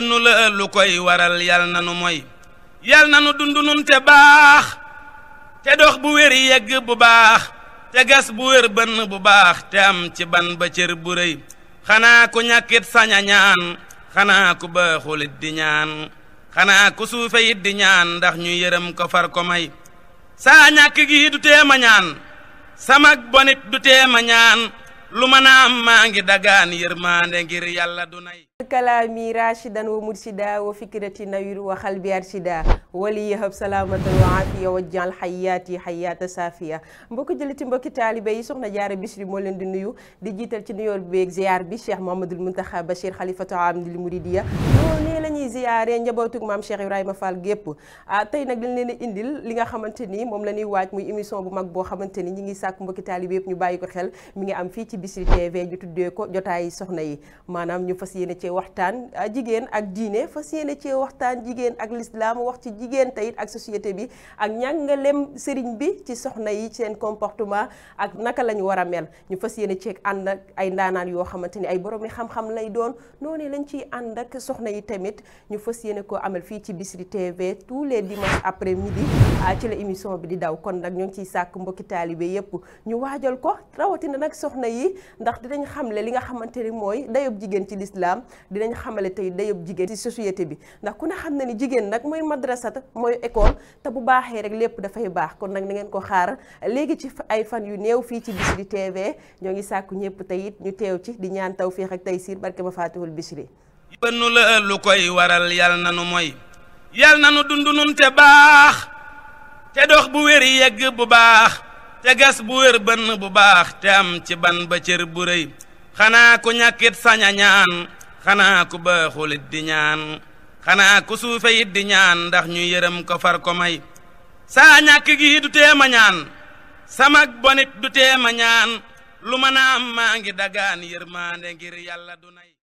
nu la lu koy waral yal na nu mooy yal na nu dund nun te baax te dox bu wér yegg bu baax te gas bu wér bënn bu baax te am ci ban ba cër bu rëy xanaa ku ñàkkit saña ñaan xanaa ku baaxulit di ñaan xanaa ku suufe di ñaan ndax ñu yërëm ko far ko may saa ñàkk gi du teema ñaan samag bonit du teema ñaan lu mën a maa ngi dagaan yërmaande ngir yàlla du nay kalaami rashidan wa murshida wa fikrati nawir wa xalbi arshida wali yahab salaamatan wa afiya wa jal xayaati xayaata safiya mbokki jëliti mbokki taalibe yi soxna jaara Bichri moo leen di nuyu di jiital ci bi beeg ziar bi cheikh Mouhamadoul Mountakha Bachir xalifatu amdil muridiya noonu la ñuy ziare njabootug maam cheikh Ibrahima Fall gépp ah, tey nag dañ leen indil li nga xamante ni moom la ñuy waaj muy émission bu mag boo xamante ni ñi ngi sàkk mbokki ñu bàyyi ko xel mi ngi am fii ci Bichri TV ñu tuddee ko jotaay yi maanaam ñu waxtaan jigéen ak diine fas yéene cee waxtaan jigéen ak lislaam wax ci jigéen tayit ak société bi ak ñàngalem sëriñ bi ci soxna yi seen comportement ak naka la ñu war a mel ñu fas yéene ceeg ànd ak ay ndaanaan yoo xamante ni ay boroomi xam-xam lay doon noonu lañ ciy ànd ak soxna yi tamit ñu fas yéene ko amal fii ci Bichri TV tous les dimanches après midi ci la émission bi di daw kon nag ñoo ngi ciy sàkk mbokki taalibe yépp ñu waajal ko rawatina nag soxna yi ndax dinañ xamle li nga xamante ni mooy dayob jigéen ci lislaam dinañ xamale tey dayub jigéen ci société bi ndax ku ne xam na ni jigéen nag mooy madrasat mooy école te bu baaxee rek lépp dafay baax kon nag na ngeen ko xaar léegi ci ay fan yu néew fii ci Bichri TV ñoo ngi sàkk ñëpp tey it ñu teew ci di ñaan tawfiix ak taysiir barke ma faatihul Bichri bënnu la lu koy waral yal na nu mooy yal na nu dund nun te baax te dox bu wér yegg bu baax te gas bu wér bënn bu baax te am ci ban ba cër bu rëy xanaa ku ñàkkit sañ ñaan xanaa ku baaxulit di ñaan xanaa ku suufe it di ñaan ndax ñu yërëm ko far ko may saa ñàkk gi du teema ñaan samak bonit du teema ñaan lu mën a maa ngi dagaan yërmaande ngir yàlla du nay